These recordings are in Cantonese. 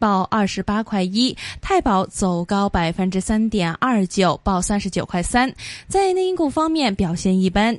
報二十八塊一，太保走高百分之三點二九，報三十九塊三。在內銀股方面表現一般。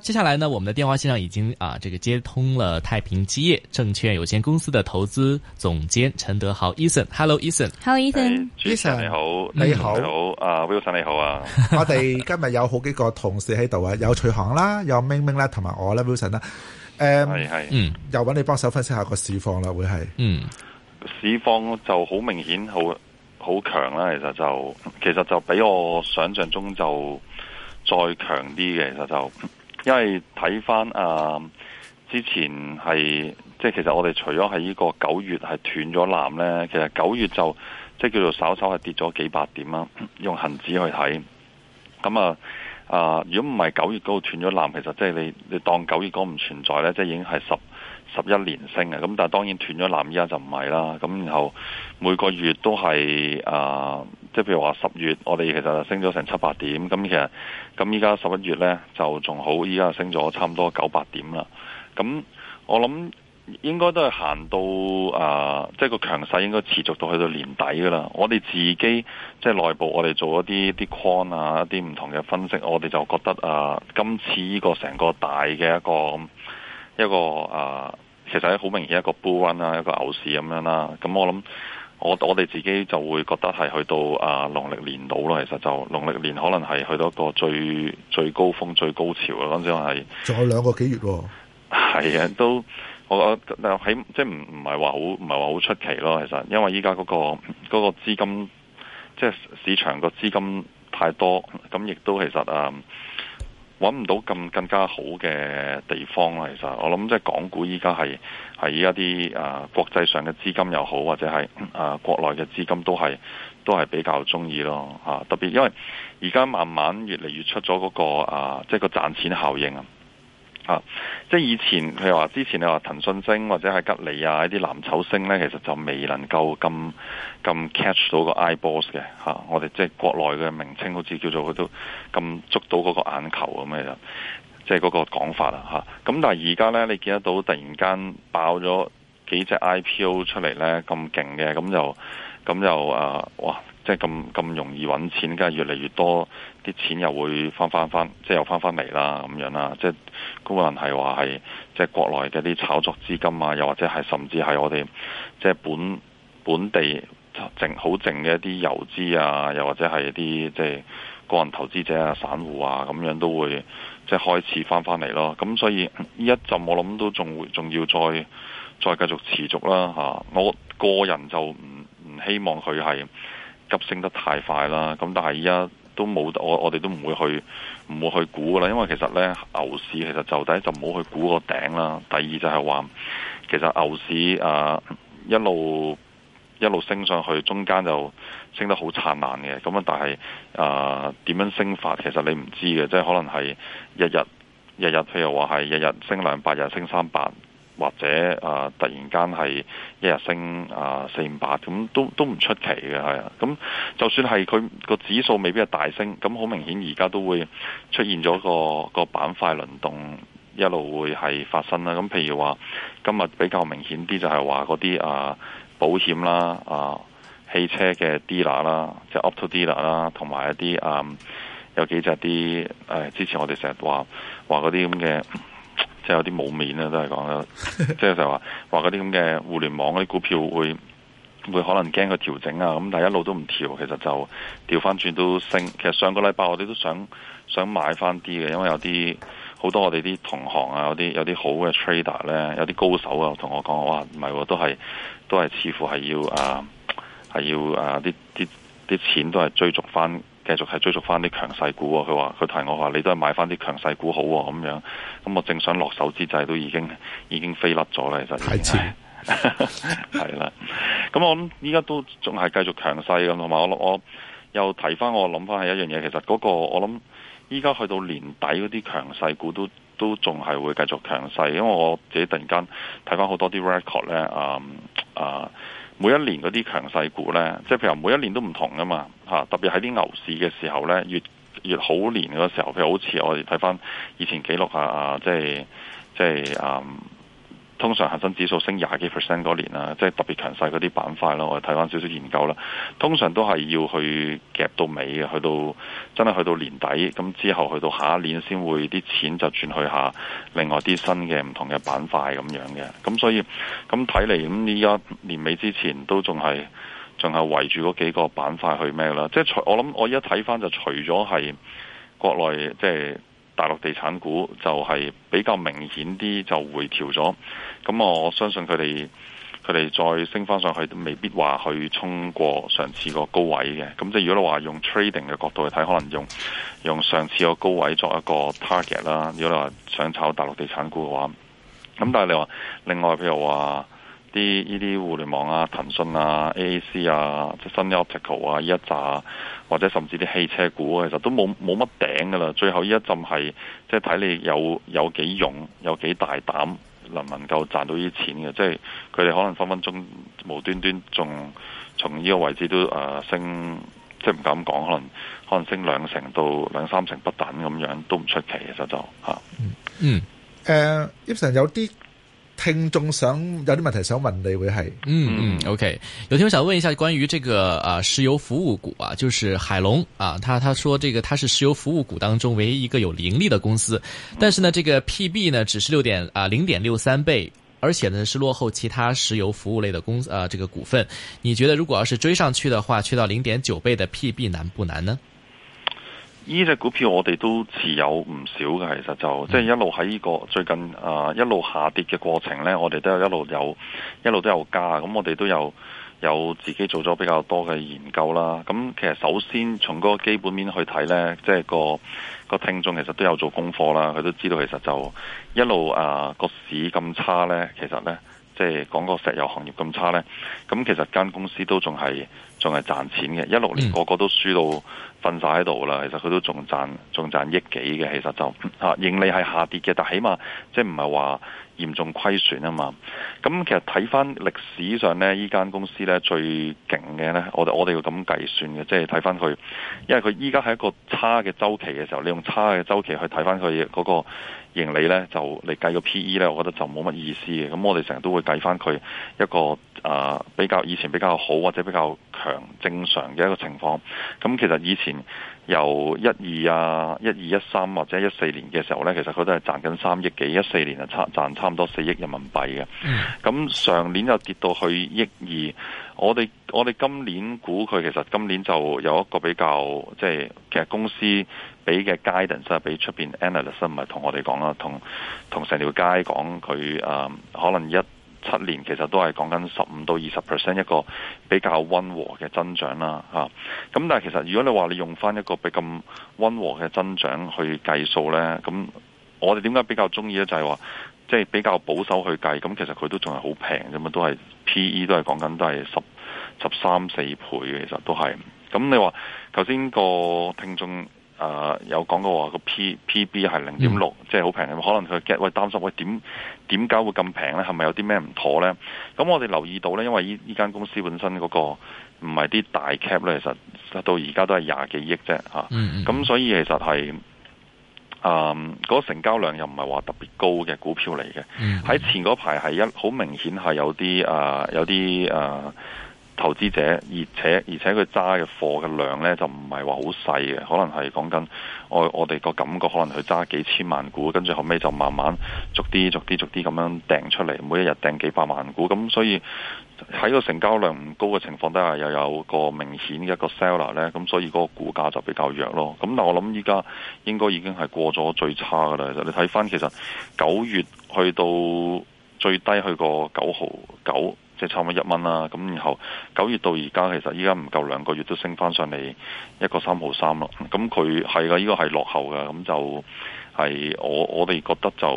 接下來呢，我們的電話線上已經啊，這個接通了太平基業證券有限公司的投資總監陳德豪，Eason。Hello，Eason。Hello，Eason。Eason 你好，嗯、你好，好啊，Wilson 你好啊。我哋今日有好幾個同事喺度啊，有徐航啦，有明明啦，同埋我啦，Wilson 啦。誒、um，係係，嗯，又搵你幫手分析下個市況啦，會係，嗯，市況就好明顯，好好強啦，其實就，其實就比我想象中就再強啲嘅，其實就。因為睇翻啊，之前係即係其實我哋除咗喺呢個九月係斷咗纜呢，其實九月就即係叫做稍稍係跌咗幾百點啦。用恒指去睇，咁啊啊，如果唔係九月嗰度斷咗纜，其實即係你你當九月嗰個唔存在呢，即係已經係十。十一年升啊，咁但係當然斷咗纜，依家就唔係啦。咁然後每個月都係啊、呃，即係譬如話十月，我哋其實升咗成七八點，咁其實咁依家十一月呢就仲好，依家升咗差唔多九八點啦。咁我諗應該都係行到啊、呃，即係個強勢應該持續到去到年底㗎啦。我哋自己即係內部，我哋做一啲啲框啊，一啲唔同嘅分析，我哋就覺得啊、呃，今次呢、呢個成個大嘅一個。一個啊、呃，其實好明顯一個 bull run 啦，一個牛市咁樣啦。咁我諗，我哋自己就會覺得係去到農曆、呃、年到囉。其實就農曆年可能係去到一個最、最高峰、最高潮嗰陣時我，我係，仲有兩個幾月喎、哦。係嘅，都我我喺即係唔係話好唔係話好出奇囉。其實因為依家嗰個嗰、嗰個資金，即係市場個資金太多，咁亦都其實啊。呃搵唔到咁更加好嘅地方咯，其實我諗即係港股依家係係依家啲啊國際上嘅資金又好，或者係啊國內嘅資金都係都係比較中意咯嚇，特別因為而家慢慢越嚟越出咗嗰個啊即係個賺錢效應啊。啊！即係以前，譬如話之前你話騰訊升或者係吉利啊一啲藍籌升咧，其實就未能夠咁咁 catch 到個 eyeballs 嘅吓、啊，我哋即係國內嘅名稱好似叫做佢都咁捉到嗰個眼球咁嘅就即係嗰個講法啊吓，咁但係而家咧，你見得到突然間爆咗幾隻 IPO 出嚟咧，咁勁嘅，咁就咁就啊哇！即係咁咁容易揾錢，梗係越嚟越多啲錢又會翻翻翻，即係又翻返嚟啦咁樣啦。即係可能係話係即係國內嘅啲炒作資金啊，又或者係甚至係我哋即係本本地好淨嘅一啲游資啊，又或者係一啲即係個人投資者啊、散戶啊咁樣都會即係開始翻返嚟咯。咁所以呢一陣我諗都仲會仲要再再繼續持續啦吓。我個人就唔唔希望佢係。急升得太快啦，咁但係依家都冇，我我哋都唔會去唔會去估噶啦，因為其實呢牛市其實就第一就冇去估個頂啦，第二就係話其實牛市啊一路一路升上去，中間就升得好燦爛嘅，咁啊但係啊點樣升法，其實你唔知嘅，即係可能係日日日日，譬如話係日日升兩百，日升三百。或者啊，突然間係一日升啊四五百咁，都都唔出奇嘅係啊。咁就算係佢個指數未必係大升，咁好明顯而家都會出現咗個個板塊輪動，一路會係發生啦。咁譬如話，今日比較明顯啲就係話嗰啲啊保險啦、啊汽車嘅 dealer 啦啦，即係 auto dealer 啦啦，同埋一啲啊、嗯、有幾隻啲誒之前我哋成日話話嗰啲咁嘅。即係有啲冇面啦，都係講啦，即係就話話嗰啲咁嘅互聯網嗰啲股票會會可能驚個調整啊，咁但係一路都唔調，其實就調翻轉都升。其實上個禮拜我哋都想想買翻啲嘅，因為有啲好多我哋啲同行啊，有啲有啲好嘅 trader 咧，有啲、er、高手啊，同我講哇，唔係，都係都係似乎係要啊係要啊啲啲啲錢都係追逐翻。繼續係追逐翻啲強勢股喎，佢話佢提我話你都係買翻啲強勢股好喎，咁樣咁我正想落手之際都已經已經飛甩咗啦，其實係啊，係啦像，咁 我諗依家都仲係繼續強勢咁，同埋我我又提翻我諗翻係一樣嘢，其實嗰、嗰個我諗依家去到年底嗰啲強勢股都都仲係會繼續強勢，因為我自己突然間睇翻好多啲 record 咧，嗯啊。啊每一年嗰啲強勢股呢，即係譬如每一年都唔同㗎嘛，吓，特別喺啲牛市嘅時候呢，越越好年嘅時候，譬如好似我哋睇翻以前記錄下，啊，即係即係嗯。通常恆生指數升廿幾 percent 嗰年啊，即係特別強勢嗰啲板塊咯，我哋睇翻少少研究啦。通常都係要去夾到尾，去到真係去到年底，咁之後去到下一年先會啲錢就轉去下另外啲新嘅唔同嘅板塊咁樣嘅。咁所以咁睇嚟，咁呢家年尾之前都仲係仲係圍住嗰幾個板塊去咩啦？即係除我諗，我而家睇翻就除咗係國內即係。就是大陸地產股就係比較明顯啲就回調咗，咁我相信佢哋佢哋再升翻上去，都未必話去衝過上次個高位嘅。咁即係如果你話用 trading 嘅角度去睇，可能用用上次個高位作一個 target 啦。如果你話想炒大陸地產股嘅話，咁但係你話另外譬如話。啲呢啲互聯網啊、騰訊啊、AAC 啊、即 Sunny Optical 啊，呢一紮，啊，或者甚至啲汽車股，其實都冇冇乜頂㗎喇。最後呢一陣係即係睇你有有幾勇、有幾大膽，能唔能夠賺到啲錢嘅？即係佢哋可能分分鐘無端端仲從呢個位置都誒、呃、升，即係唔敢講，可能可能升兩成到兩三成不等咁樣都唔出奇，其實就都嚇。嗯嗯，Eason、uh, 有啲。聽眾想有啲問題想問你會，會係嗯嗯，OK，有天我想問一下關於這個啊石油服務股啊，就是海龍啊，他他說這個他是石油服務股當中唯一一個有盈利的公司，但是呢，這個 PB 呢只是六點啊零點六三倍，而且呢是落後其他石油服務類的公啊這個股份，你覺得如果要是追上去的話，去到零點九倍的 PB 難不難呢？呢隻股票我哋都持有唔少嘅，其實就即係一路喺呢個最近啊一路下跌嘅過程呢，我哋都有一路有，一路都有加，咁我哋都有有自己做咗比較多嘅研究啦。咁其實首先從嗰個基本面去睇呢，即係個個聽眾其實都有做功課啦，佢都知道其實就一路啊個市咁差呢，其實呢。即係講個石油行業咁差呢，咁其實間公司都仲係仲係賺錢嘅。一六年個個都輸到瞓晒喺度啦，其實佢都仲賺仲賺億幾嘅。其實就嚇盈利係下跌嘅，但係起碼即係唔係話。嚴重虧損啊嘛，咁其實睇翻歷史上呢，依間公司呢最勁嘅呢，我哋我哋要咁計算嘅，即係睇翻佢，因為佢依家係一個差嘅周期嘅時候，你用差嘅周期去睇翻佢嗰個盈利呢，就嚟計個 PE 呢，我覺得就冇乜意思嘅。咁我哋成日都會計翻佢一個。啊、呃，比較以前比較好或者比較強，正常嘅一個情況。咁其實以前由一二啊、一二一三或者一四年嘅時候呢，其實佢都係賺緊三億幾，一四年就差賺差唔多四億人民幣嘅。咁上年又跌到去億二，我哋我哋今年估佢其實今年就有一個比較，即係其實公司俾嘅 guidance，俾出面 analyst 唔係同我哋講啦，同同成條街講佢啊，可能一。七年其實都係講緊十五到二十 percent 一個比較溫和嘅增長啦，嚇、啊。咁但係其實如果你話你用翻一個比較溫和嘅增長去計數呢，咁我哋點解比較中意呢？就係話即係比較保守去計。咁其實佢都仲係好平咁啊，都係 PE 都係講緊都係十十三四倍嘅，其實都係。咁你話頭先個聽眾，誒、uh, 有講過話個 P P B 係零點六，即係好平。可能佢嘅驚，喂擔心，喂點點解會咁平咧？係咪有啲咩唔妥咧？咁我哋留意到咧，因為依依間公司本身嗰個唔係啲大 cap 咧，其實到現在是20而家都係廿幾億啫嚇。咁、mm. 啊、所以其實係誒嗰個成交量又唔係話特別高嘅股票嚟嘅。喺、mm. 前嗰排係一好明顯係有啲誒、啊、有啲誒。啊投資者，而且而且佢揸嘅貨嘅量呢，就唔係話好細嘅，可能係講緊我我哋個感覺，可能佢揸幾千萬股，跟住後尾就慢慢逐啲逐啲逐啲咁樣掟出嚟，每一日掟幾百萬股，咁所以喺個成交量唔高嘅情況底下，又有個明顯嘅一個 seller 呢，咁所以個股價就比較弱咯。咁但我諗依家應該已經係過咗最差㗎啦。你睇翻其實九月去到最低去過九毫九。即係差唔多一蚊啦，咁然後九月到而家，其實依家唔夠兩個月都升翻上嚟一個三毫三咯。咁佢係噶，呢個係落後噶，咁就係我我哋覺得就，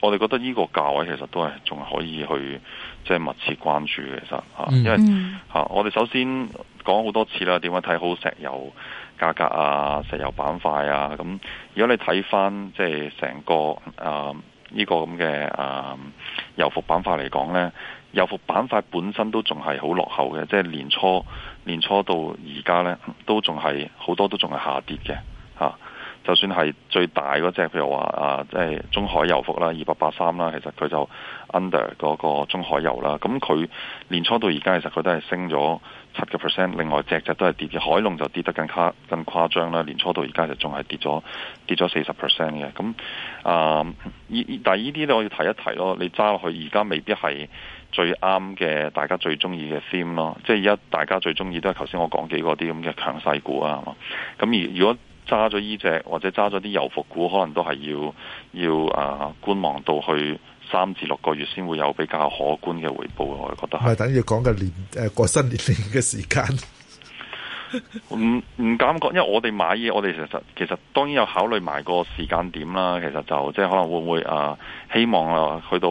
我哋覺得呢個價位其實都係仲可以去即係、就是、密切關注嘅，其實吓，嗯、因為吓、啊、我哋首先講好多次啦，點樣睇好石油價格啊，石油板塊啊，咁、嗯、如果你睇翻即係成個啊。呢個咁嘅誒油服板塊嚟講咧，油服板塊本身都仲係好落後嘅，即係年初年初到而家咧，都仲係好多都仲係下跌嘅。就算係最大嗰隻，譬如話啊，即係中海油服啦，二百八三啦，其實佢就 under 嗰個中海油啦。咁佢年初到而家，其實佢都係升咗七個 percent。另外隻隻都係跌嘅，海龍就跌得更加、更誇張啦。年初到而家就仲係跌咗跌咗四十 percent 嘅。咁啊，但係呢啲我要提一提咯。你揸落去而家未必係最啱嘅，大家最中意嘅 theme 咯。即係而家大家最中意都係頭先我講幾個啲咁嘅強勢股啊。係咪？咁而如果揸咗呢隻或者揸咗啲油服股，可能都係要要啊、呃、觀望到去三至六個月先會有比較可觀嘅回報。我覺得係等要講嘅年誒過新年嘅時間，唔唔敢講，因為我哋買嘢，我哋其實其實當然有考慮埋個時間點啦。其實就即係可能會唔會啊、呃、希望啊去到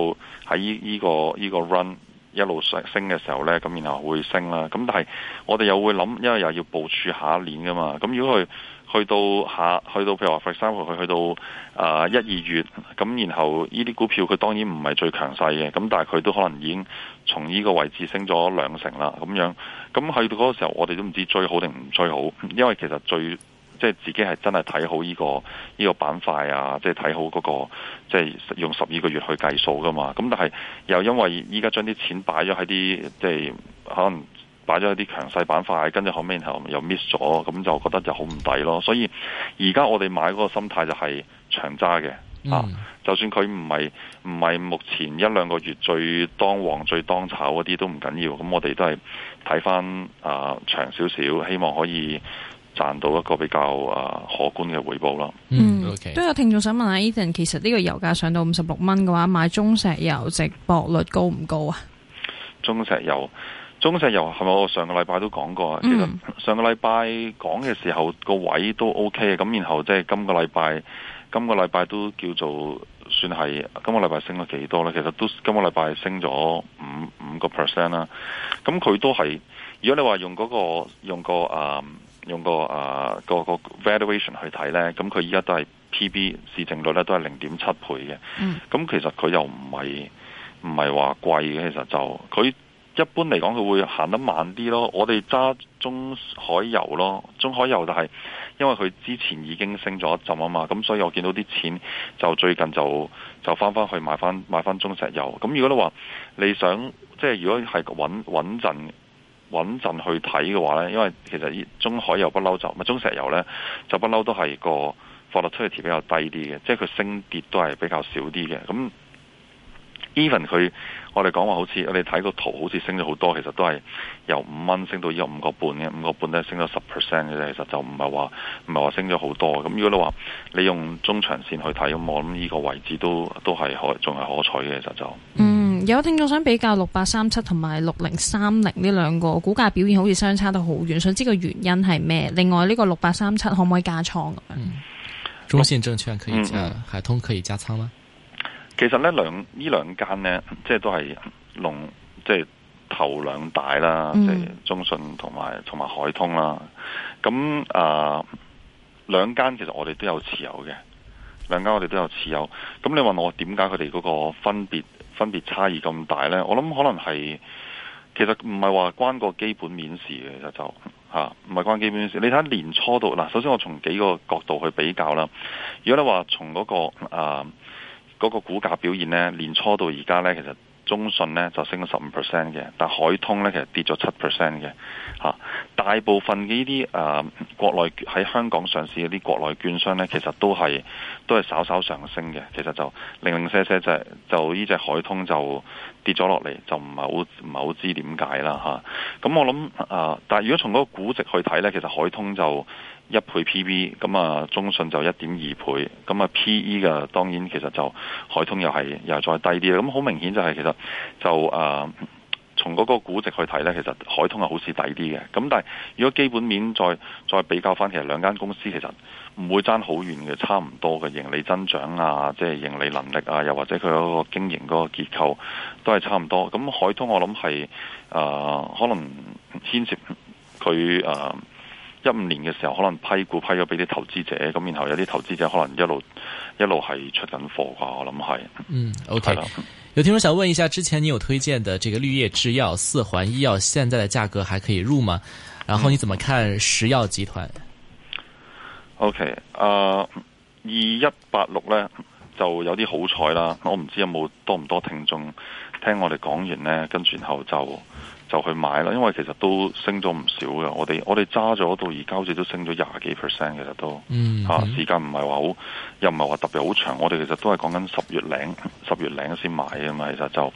喺呢呢個呢、呢個 run 一路上升嘅時候咧，咁然後會升啦。咁但係我哋又會諗，因為又要部署下一年噶嘛。咁如果佢……去到下、啊，去到譬如話佛山佢去去到一二、呃、月，咁然後呢啲股票，佢當然唔係最強勢嘅，咁但係佢都可能已經從呢個位置升咗兩成啦，咁樣，咁去到嗰個時候，我哋都唔知追好定唔追好，因為其實最即係、即係、自己係真係睇好呢、呢個呢、呢個板塊啊，即係睇好嗰、嗰個即係、即係、用十二個月去計數噶嘛，咁但係又因為依家將啲錢擺咗喺啲，即、即、係、係、可能。擺咗一啲強勢板塊，跟住後尾又又 miss 咗，咁就覺得就好唔抵咯。所以而家我哋買嗰個心態就係長揸嘅，嗯、啊，就算佢唔係唔係目前一兩個月最當旺、最當炒嗰啲都唔緊要，咁我哋都係睇翻啊長少少，希望可以賺到一個比較啊、呃、可觀嘅回報啦。嗯，okay. 都有聽眾想問下 Ethan，其實呢個油價上到五十六蚊嘅話，買中石油值博率高唔高啊？中石油。中石油係咪我上個禮拜都講過？嗯、其實上個禮拜講嘅時候個位都 OK 嘅，咁然後即係今個禮拜，今個禮拜都叫做算係今個禮拜升咗幾多咧？其實都今個禮拜升咗五五個 percent 啦。咁、嗯、佢、嗯、都係，如果你話用嗰、個用、個誒、啊、用、個誒、啊、個、個 valuation 去睇咧，咁佢依家都係 P/B 市淨率咧都係零點七倍嘅。咁、嗯嗯、其實佢又唔係唔係話貴嘅，其實就佢。一般嚟講，佢會行得慢啲咯。我哋揸中海油咯，中海油就係因為佢之前已經升咗一浸啊嘛，咁所以我見到啲錢就最近就就翻返去買翻買翻中石油。咁如果你話你想即係如果係穩穩陣穩陣去睇嘅話呢，因為其實中海油不嬲就咪中石油呢就不嬲都係個 volatility 比較低啲嘅，即係佢升跌都係比較少啲嘅咁。even 佢，我哋講話好似我哋睇個圖，好似升咗好多，其實都係由五蚊升到依家五個半嘅，五個半咧升咗十 percent 嘅，其實就唔係話唔係話升咗好多。咁如果你話你用中長線去睇，咁我諗呢個位置都都係可仲係可取嘅，其實就嗯，有聽眾想比較六八三七同埋六零三零呢兩個股價表現，好似相差得好遠，想知個原因係咩？另外呢個六八三七可唔可以加倉咁樣？中信證券可以加，嗯、海通可以加倉嗎？其實呢兩呢兩間呢，即係都係龍，即係頭兩大啦，嗯、即係中信同埋同埋海通啦。咁啊，兩間其實我哋都有持有嘅，兩間我哋都有持有。咁你問我點解佢哋嗰個分別分別差異咁大呢？我諗可能係，其實唔係話關個基本面事嘅其實就吓，啊、唔係關基本面事。你睇下年初到嗱，首先我從幾個角度去比較啦。如果你話從嗰個啊。嗰個股價表現呢，年初到而家呢，其實中信呢就升咗十五 percent 嘅，但海通呢，其實跌咗七 percent 嘅，嚇、啊。大部分嘅呢啲誒國內喺香港上市嘅啲國內券商呢，其實都係都係稍稍上升嘅，其實就零零舍舍就就呢隻海通就。跌咗落嚟就唔係好唔係好知點解啦吓，咁、啊、我諗啊，但係如果從嗰個估值去睇呢，其實海通就一倍 P B，咁啊中信就一點二倍，咁啊 P E 嘅，當然其實就海通又係又再低啲。咁好明顯就係、是、其實就啊，從嗰個估值去睇呢，其實海通係好似低啲嘅。咁但係如果基本面再再比較翻，其實兩間公司其實。唔會爭好遠嘅，差唔多嘅盈利增長啊，即係盈利能力啊，又或者佢嗰個經營嗰個結構都係差唔多。咁海通我諗係誒，可能牽涉佢誒一五年嘅時候可能批股批咗俾啲投資者，咁然後有啲投資者可能一路一路係出緊貨啩，我諗係。嗯，OK，的有聽眾想問一下，之前你有推薦嘅這個綠葉製藥、四環醫藥，現在的價格還可以入嗎？然後你怎麼看石藥集團？OK，啊，二一八六咧就有啲好彩啦。我唔知有冇多唔多聽眾聽我哋講完咧，跟住後就就去買啦。因為其實都升咗唔少嘅。我哋我哋揸咗到而家好似都升咗廿幾 percent 其實都，mm hmm. 啊時間唔係話好，又唔係話特別好長。我哋其實都係講緊十月零十月零先買啊嘛，其實就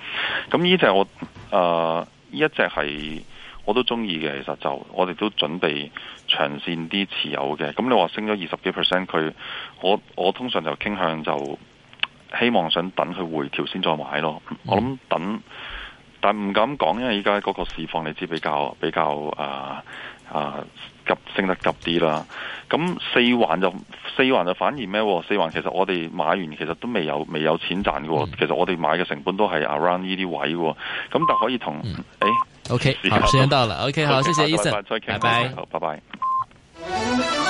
咁呢隻我啊呢一隻係。Uh, 我都中意嘅，其實就我哋都準備長線啲持有嘅。咁你話升咗二十幾 percent，佢我我通常就傾向就希望想等佢回調先再買咯。我諗等，但唔敢講，因為依家嗰個市況你知比較比較啊啊急升得急啲啦。咁四環就四環就反而咩？四環其實我哋買完其實都未有未有錢賺嘅。嗯、其實我哋買嘅成本都係 around 呢啲位。咁但可以同誒。嗯哎 OK，好，時間到了。OK，, okay 好，okay, 好，謝謝 Eason，啊，拜拜，好再見，拜拜。拜拜。